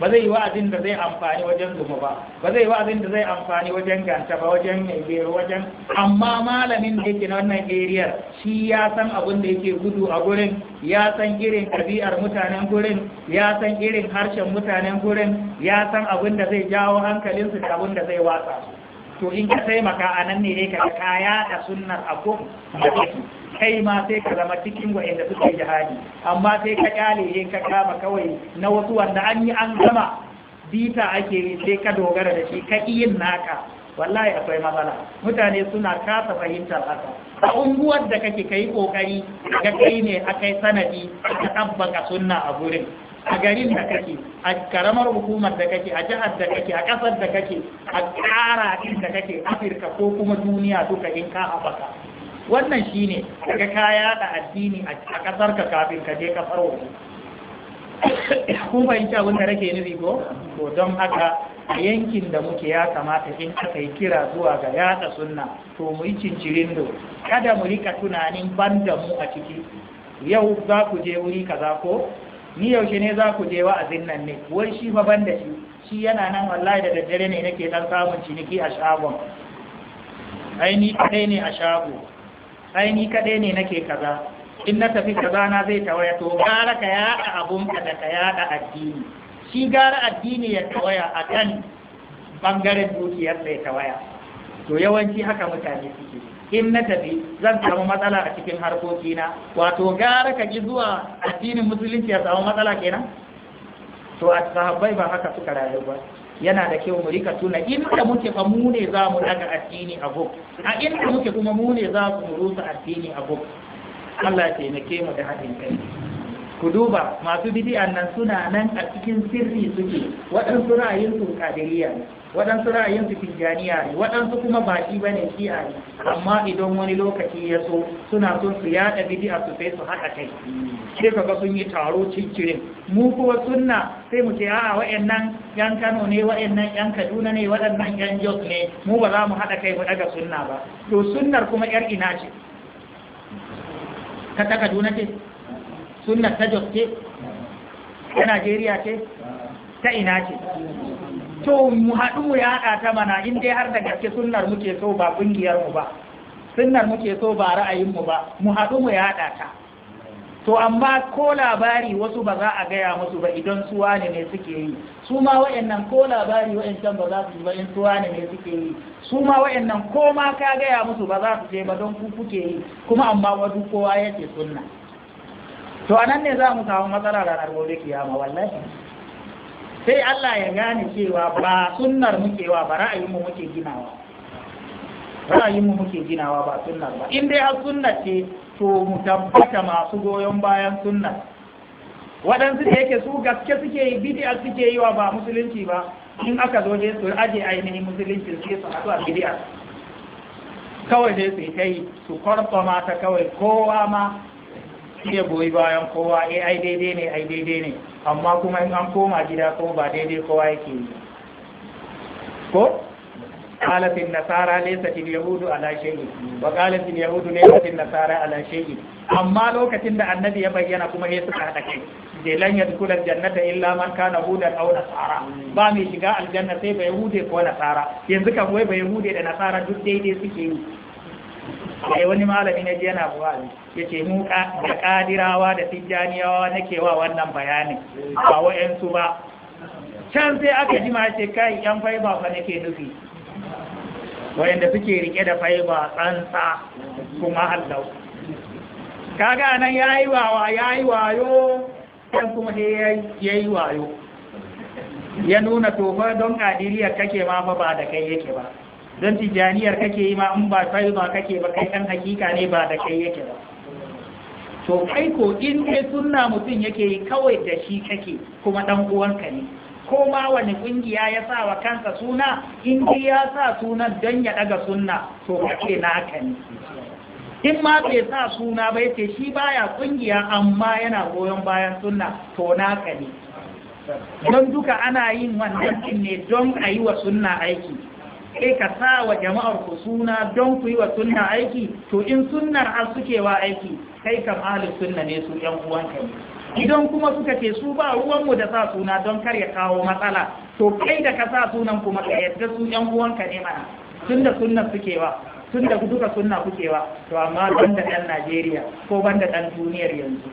ba zai yi wa'azin da zai amfani wajen zuma ba ba zai yi wa'azin da zai amfani wajen ganta ba wajen gero wajen amma malamin da yake na wannan area shi ya san abin da yake gudu a gurin ya san irin ɗabi'ar mutanen gurin ya san irin harshen mutanen gurin ya san abin da zai jawo hankalinsu da abin da zai watsa su to in ka taimaka a nan ne dai ka kaya da sunnar abu da kai ma sai ka zama cikin wa'inda suka suke jihadi amma sai ka kyale yin ka kama kawai na wasu wanda an yi an gama bita ake yi sai ka dogara da shi ka yin naka wallahi akwai matsala mutane suna kasa fahimtar haka a unguwar da kake kai kokari ga kai ne akai sanadi ka tabbaka sunna a gurin a garin da kake a karamar hukumar da kake a jihar da kake a ƙasar da kake a kara da kake afirka ko kuma duniya duka in ka haɓaka wannan shine daga ka da addini a ƙasar ka kafin ka je ƙasar waje kun fahimci abin da rake nufi ko don haka a yankin da muke ya kamata in aka yi kira zuwa ga yaɗa sunna to mu yi cincirin do kada mu rika tunanin banda mu a ciki yau za ku je wuri kaza ko ni yaushe ne za ku je azin nan ne wai shi fa ban shi shi yana nan wallahi da daddare ne nake dan samun ciniki a shagon ai ni kadai ne a shago ai ni kadai ne nake kaza in na tafi kaza na zai tawaya to gara ka yada abun ka da ka da addini shi gara addini ya tawaya kan bangaren dukiyar sai tawaya to yawanci haka mutane suke in na tafi zan samu matsala a cikin harkokina wato gara ka ji zuwa addinin musulunci ya samu matsala kenan to a sahabbai ba haka suka rayu ba yana da kyau mu rika tuna inda muke fa mu ne za mu daga addini a gub a inda muke kuma mu ne za mu rusa addini a gub Allah ya taimake mu da haɗin kai ku duba masu bidi'an nan suna nan a cikin sirri suke waɗansu ra'ayinsu kadiriya waɗansu ra'ayinsu tijjaniya ne waɗansu kuma baƙi ba ne shi'a ne amma idan wani lokaci ya so suna son su yaɗa bidi'a su sai su haɗa kai sai ga sun yi taro cincirin mu kuma sunna sai mu ce a'a waɗannan yan Kano ne waɗannan yan Kaduna ne waɗannan yan Jos ne mu ba za mu haɗa kai mu daga sunna ba to sunnar kuma yar ina ce Ka ta Kaduna ce sunnar ta jos ce ta najeriya ce ta ina ce to mu haɗu mu yaɗa ta mana in dai har da gaske sunnar muke so ba ƙungiyar mu ba sunnar muke so ba ra'ayin mu ba mu haɗu mu yaɗa ta to amma ko labari wasu ba za a gaya musu ba idan su wane ne suke yi su ma wa'annan ko labari wa'ancan ba za su ba in su wane ne suke yi su ma wa'annan ko ma ka gaya musu ba za su je ba don ku kuke yi kuma amma wadu kowa yake sunna to anan ne za mu samu matsala ranar gobe kiyama wallahi sai Allah ya gane cewa ba sunnar muke wa ba ra'ayinmu muke ginawa ra'ayinmu muke ginawa ba sunnar ba in dai har sunnar ce to mu tabbata masu goyon bayan sunnar waɗansu da yake su gaske suke yi bidiyar suke yi wa ba musulunci ba in aka zo je su aje ainihin musulunci suke su a bidiyar kawai dai su yi ta yi su kwarfa mata kawai kowa ma shi ya goyi bayan kowa a eh, ai daidai ne ai daidai ne amma kuma in an koma gida ko ba daidai kowa yake yi ko qalafin nasara laysa yahudu ala shay'in wa yahudu laysa nasara ala shay'in amma lokacin da annabi ya bayyana kuma sai suka hada kai je lan yadkhul jannata illa man kana huda aw nasara ba mai shiga aljanna sai ba yahude ko nasara yanzu kan wai ba yahude da nasara duk daidai suke yi sai wani malami na yana buwari ya ce mu da kadirawa da tijjaniyawa na wa wannan bayanin ba wa'yansu ba can sai aka ji ma ce kai yan faiba fa nake nufi wayanda suke rike da faiba tsantsa kuma hallau kaga nan yi wawa yi wayo yan kuma ya yi wayo ya nuna tofa don kadiriyar kake ma fa ba da kai yake ba don tijaniyar kake yi ma in ba faida kake ba kai kan hakika ne ba da kai yake ba to kai ko in kai sunna mutum yake yi kawai da shi kake kuma ɗan uwanka ne ko ma wani ƙungiya ya sa wa kansa suna in dai ya sa sunan don ya ɗaga sunna to kake naka ne in ma bai sa suna ba yace shi baya ƙungiya amma yana goyon bayan sunna to naka ne don duka ana yin wannan ne don a yi wa sunna aiki e ka sa wa jama'ar ku suna don ku yi wa sunna aiki to in sunnar an suke wa aiki kai kam ahlus sunna ne su yan uwanka ne idan kuma suka ce su ba mu da sa suna don kar ya kawo matsala to kai da ka sa sunan kuma ka yadda su yan uwanka ne mana tunda sunnar suke wa tunda duka sunna kuke wa to amma ban dan Najeriya ko ban dan duniyar yanzu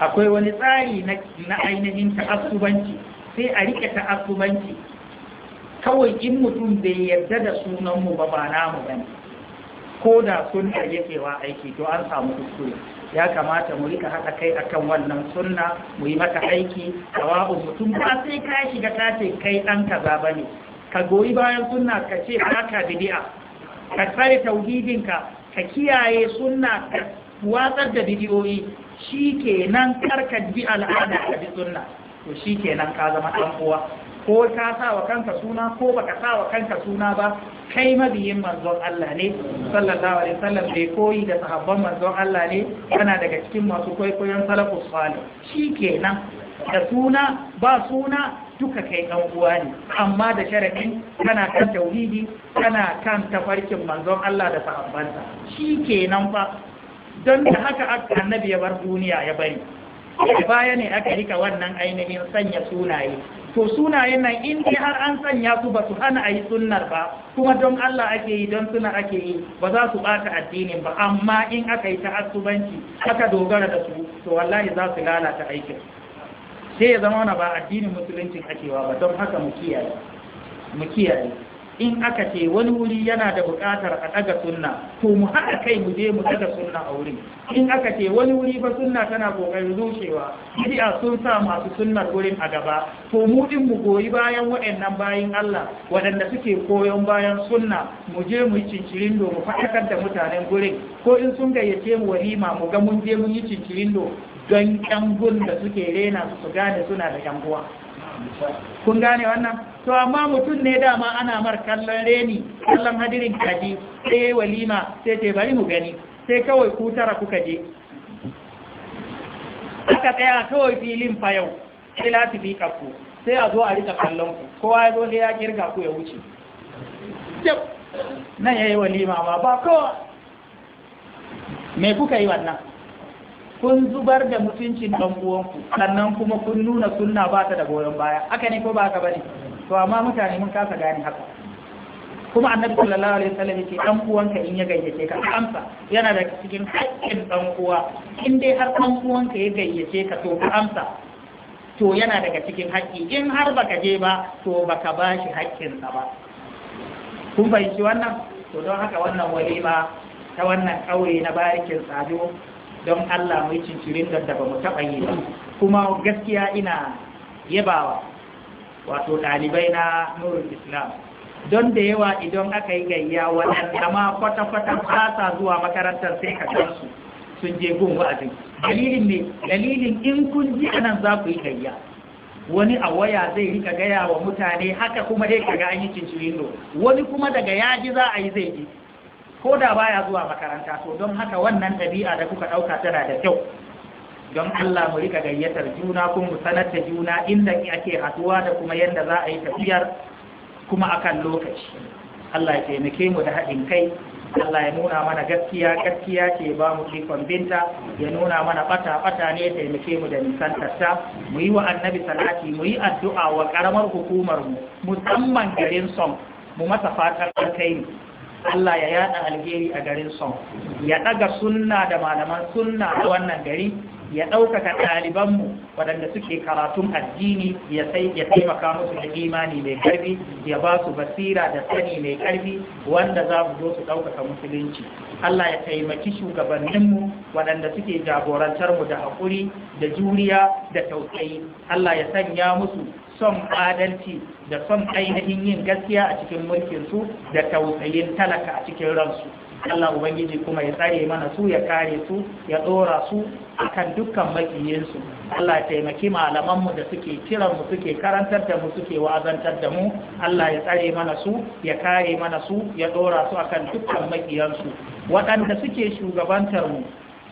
akwai wani tsari na ainihin asubanci sai a rike asubanci kawai in mutum bai yarda da sunanmu ba ba namu ba ko da sunna yake wa aiki to an samu kuskure ya kamata mu rika haɗa kai akan wannan sunna mu yi mata aiki tawa'un mutum ba sai ka shiga ka ce kai ɗan kaza bane ka goyi bayan sunna ka ce haka bid'a ka tsare tauhidinka ka kiyaye sunna ka watsar da bidiyoyi shi kenan karka bi al'ada ka bi sunna to shi kenan ka zama ɗan uwa ko ka sa wa kanka suna ko baka sa wa kanka suna ba kai mabiyin manzon Allah ne sallallahu alaihi wasallam bai koyi da sahabban manzon Allah ne kana daga cikin masu kwaikwayon salafus salih shikenan da suna ba suna duka kai dan uwa ne amma da sharadi kana kan tauhidi kana kan tafarkin manzon Allah da sahabbansa shikenan fa don da haka annabi ya bar duniya ya bari baya ne aka rika wannan ainihin sanya sunaye to sunayen nan in dai har an sanya su ba su hana a yi sunnar ba kuma don Allah ake yi don suna ake yi ba za su ɓata addinin ba amma in aka yi ta asubanci aka dogara da su to wallahi za su lalata aikin sai ya zama ba addinin musulunci wa ba don haka mu kiyaye mu kiyaye in aka ce wani wuri yana da buƙatar a ɗaga sunna to mu haɗa kai mu je mu ɗaga sunna a wurin in aka ce wani wuri ba sunna tana ƙoƙarin rushewa bid'a sun sa masu sunnar wurin a gaba to mu din mu goyi bayan waɗannan bayin Allah waɗanda suke koyon bayan sunna mu je mu yi cincirin do mu faɗakar da mutanen gurin ko in sun gayyace mu walima mu ga mun je mun yi cincirin do don ƴan gun da suke rena su gane suna da ƴan uwa kun gane wannan to amma mutum ne dama ana mar kallon reni kallon hadirin kaji sai walima sai ce bari mu gani sai kawai ku tara kuka je aka tsaya kawai filin fa yau sai lati bi kafu sai a zo a rika kallon ku kowa ya zo sai ya kirga ku ya wuce nan yayi walima ma ba kowa me kuka yi wannan kun zubar da mutuncin ɗan uwanku sannan kuma kun nuna sunna ba ta da goyon baya haka ne ko ba haka bane to amma mutane mun kasa gane haka kuma annabi sallallahu alaihi wasallam yake dan uwanka in ya gayyace ka amsa yana da cikin haƙƙin dan uwa in dai har dan uwanka ya gayyace ka to ka amsa to yana daga cikin haƙƙi in har baka je ba to baka bashi haƙƙinsa ba kun fahimci wannan to don haka wannan walima ta wannan ƙauye na barikin sado don Allah mai cincirin da ba mu taɓa yi ba kuma gaskiya ina yabawa wato ɗalibai na nurul islam don da yawa idan aka yi gayya waɗanda ma kwata-kwata ba sa zuwa makarantar sai ka kansu sun je gun wa'azin dalilin ne dalilin in kun ji anan za ku yi gayya wani a waya zai rika gaya wa mutane haka kuma dai ga an yi do wani kuma daga yaji za a yi zai ji ko da baya zuwa makaranta to don haka wannan ɗabi'a da kuka ɗauka tana da kyau don Allah mu rika gayyatar juna kuma mu sanar da juna inda ake haduwa da kuma yadda za a yi tafiyar kuma akan lokaci Allah ya taimake mu da haɗin kai Allah ya nuna mana gaskiya gaskiya ce ba mu ikon binta ya nuna mana ɓata-ɓata ne ya taimake mu da nisantarta mu yi wa annabi salati mu yi addu'a wa karamar hukumar mu musamman garin son mu masa fatan alkai Allah ya yaɗa alheri a garin son ya ɗaga sunna da malaman sunna a wannan gari ya ɗaukaka ɗalibanmu waɗanda suke karatun addini ya taimaka musu da imani mai ƙarfi ya ba su basira da sani mai ƙarfi wanda za mu zo su ɗaukaka musulunci Allah ya taimaki shugabanninmu waɗanda suke jagorantar mu da haƙuri da juriya da tausayi Allah ya sanya musu son adalci da son ainihin yin gaskiya a cikin mulkinsu da tausayin talaka a cikin ransu Allah Ubangiji kuma ya tsare mana su ya kare su ya ɗora su akan dukkan makiyinsu Allah ya taimaki malamanmu da suke kiranmu suke karantar da mu suke wa'azantar da mu Allah ya tsare mana su ya kare mana su ya ɗora su akan dukkan makiyansu waɗanda suke shugabantar mu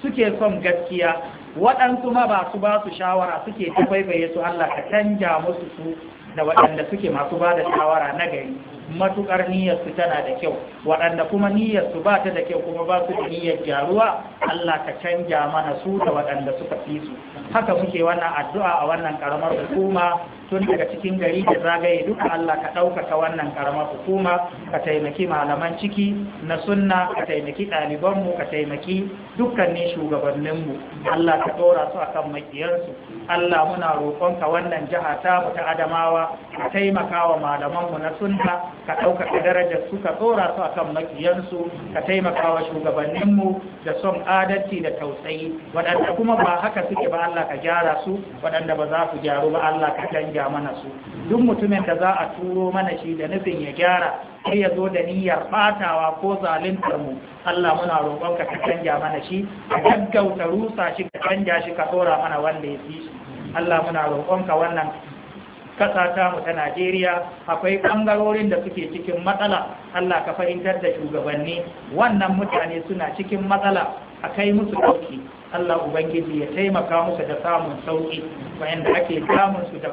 suke son gaskiya waɗansu ma ba su ba su shawara suke tafaifaye su Allah ka canja musu su da waɗanda suke masu ba da shawara na gari matukar niyyarsu tana da kyau waɗanda kuma niyyarsu ba ta da kyau kuma ba su da niyyar gyaruwa Allah ka canja mana su da waɗanda suka fi su haka muke wannan addu'a a wannan karamar hukuma tun daga cikin gari da zagaye duk Allah ka ɗaukaka wannan ƙarama hukuma ka taimaki malaman ciki na sunna ka taimaki ɗalibanmu ka taimaki dukkanin shugabanninmu Allah ka ɗora su a kan makiyarsu Allah muna roƙonka wannan jiha ta mu ta adamawa ka taimaka wa malamanmu na sunna ka ɗaukaka darajar su ka ɗora su a kan makiyarsu ka taimaka wa shugabanninmu da son adalci da tausayi waɗanda kuma ba haka suke ba Allah ka gyara su waɗanda ba za su gyaru ba Allah ka canja canja mana su duk mutumin da za a turo mana shi da nufin ya gyara sai ya zo da niyyar batawa ko zaluntar mu Allah muna roƙon ka ka canja mana shi ka gaggauta rusa shi ka canja shi ka ɗora mana wanda ya fi shi Allah muna roƙon ka wannan kasa ta mu ta Najeriya akwai ɓangarorin da suke cikin matsala Allah ka fahimtar da shugabanni wannan mutane suna cikin matsala a kai musu ɗauki Allah Ubangiji ya taimaka musu da samun sauƙi bayan da ake samun su da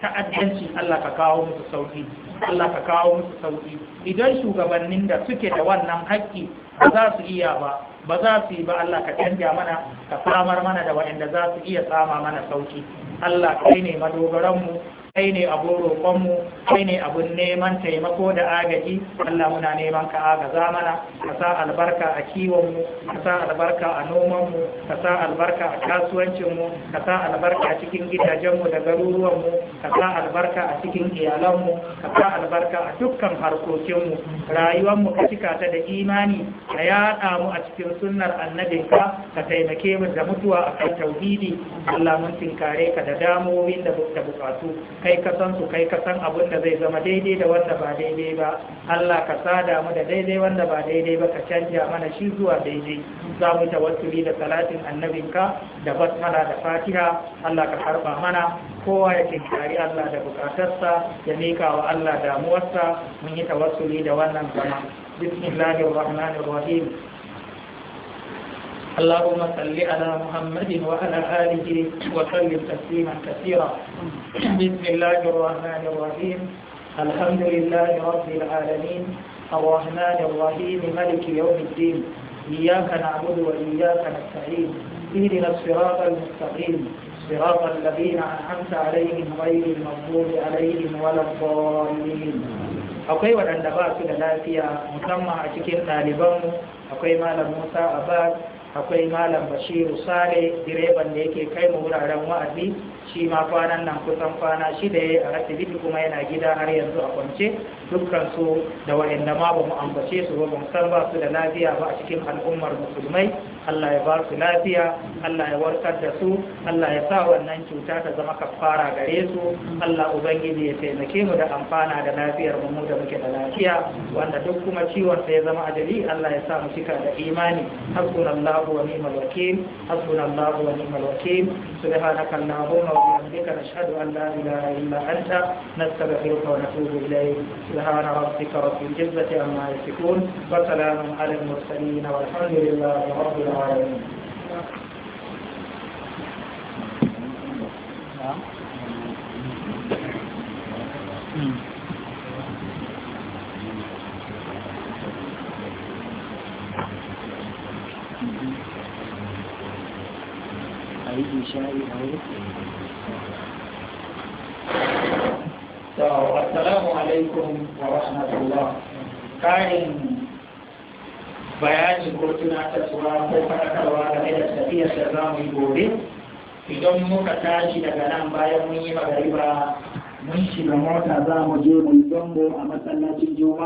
ta'addanci Allah ka kawo musu sauki Allah ka kawo musu sauki idan shugabannin da suke da wannan haƙƙi ba za su iya ba ba za su yi ba Allah ka canja mana ka samar mana da waɗanda za su iya sama mana sauki Allah kai ne madogaranmu kai ne abin roƙonmu kai ne abin neman taimako da agaji Allah muna neman ka agaza mana ka sa albarka a kiwonmu ka sa albarka a nomanmu ka sa albarka a kasuwancinmu ka sa albarka a cikin gidajenmu da garuruwanmu ka sa albarka a cikin iyalanmu ka sa albarka a dukkan harkokinmu rayuwanmu ka cika ta da imani ka yaɗa mu a cikin sunnar annabinka ka taimake mu da mutuwa a kan tauhidi Allah mun tinkare ka da damomin da buƙatu. kai ka su kai kasan san abin da zai zama daidai da wanda ba daidai ba Allah ka sada mu da daidai wanda ba daidai ba ka canja mana shi zuwa daidai za mu tawassuli da salatin annabinka da basmala da fatiha Allah ka karba mana kowa ya kinkari Allah da bukatarsa ya mika wa Allah damuwarsa mun yi tawassuli da wannan zama bismillahir rahmanir rahim اللهم صل على محمد وعلى آله وسلم تسليما كثيرا بسم الله الرحمن الرحيم الحمد لله رب العالمين الرحمن الرحيم ملك يوم الدين إياك نعبد وإياك نستعين اهدنا الصراط المستقيم صراط الذين أنعمت عليهم غير المغضوب عليهم ولا الضالين akwai waɗanda ba su da lafiya musamman a cikin ɗalibanmu akwai malam musa abbas akwai malam bashiru sale direban da yake kai mu wuraren wa'azi shi ma kwanan nan kusan kwana shida ya a asibiti kuma yana gida har yanzu a kwance dukkan su da waɗanda ma ba mu ambace su ba mu san ba su da lafiya ba a cikin al'ummar musulmai Allah ya basu su lafiya Allah ya warkar da su Allah ya sa wannan cuta ta zama kafara gare su Allah ubangiji ya taimake mu da amfana da lafiyar mu da muke da lafiya wanda duk kuma ciwon sa ya zama ajali Allah ya sa mu cika da imani hasbunallahu wa ni'mal wakeel hasbunallahu wa ni'mal wakeel subhanaka allahumma wa bihamdika nashhadu an la ilaha illa anta nastaghfiruka wa natubu ilayk subhana rabbika rabbil izzati amma yasifun wa salamun ala al mursalin والحمد لله رب العالمين العالمين So, assalamu alaikum wa rahmatullah. Kind bayani ta tsura ko faɗakarwa game da tafiyar da za mu yi gobe idan muka tashi daga nan bayan mun yi magariba mun shiga mota za mu je mu yi a masallacin juma'a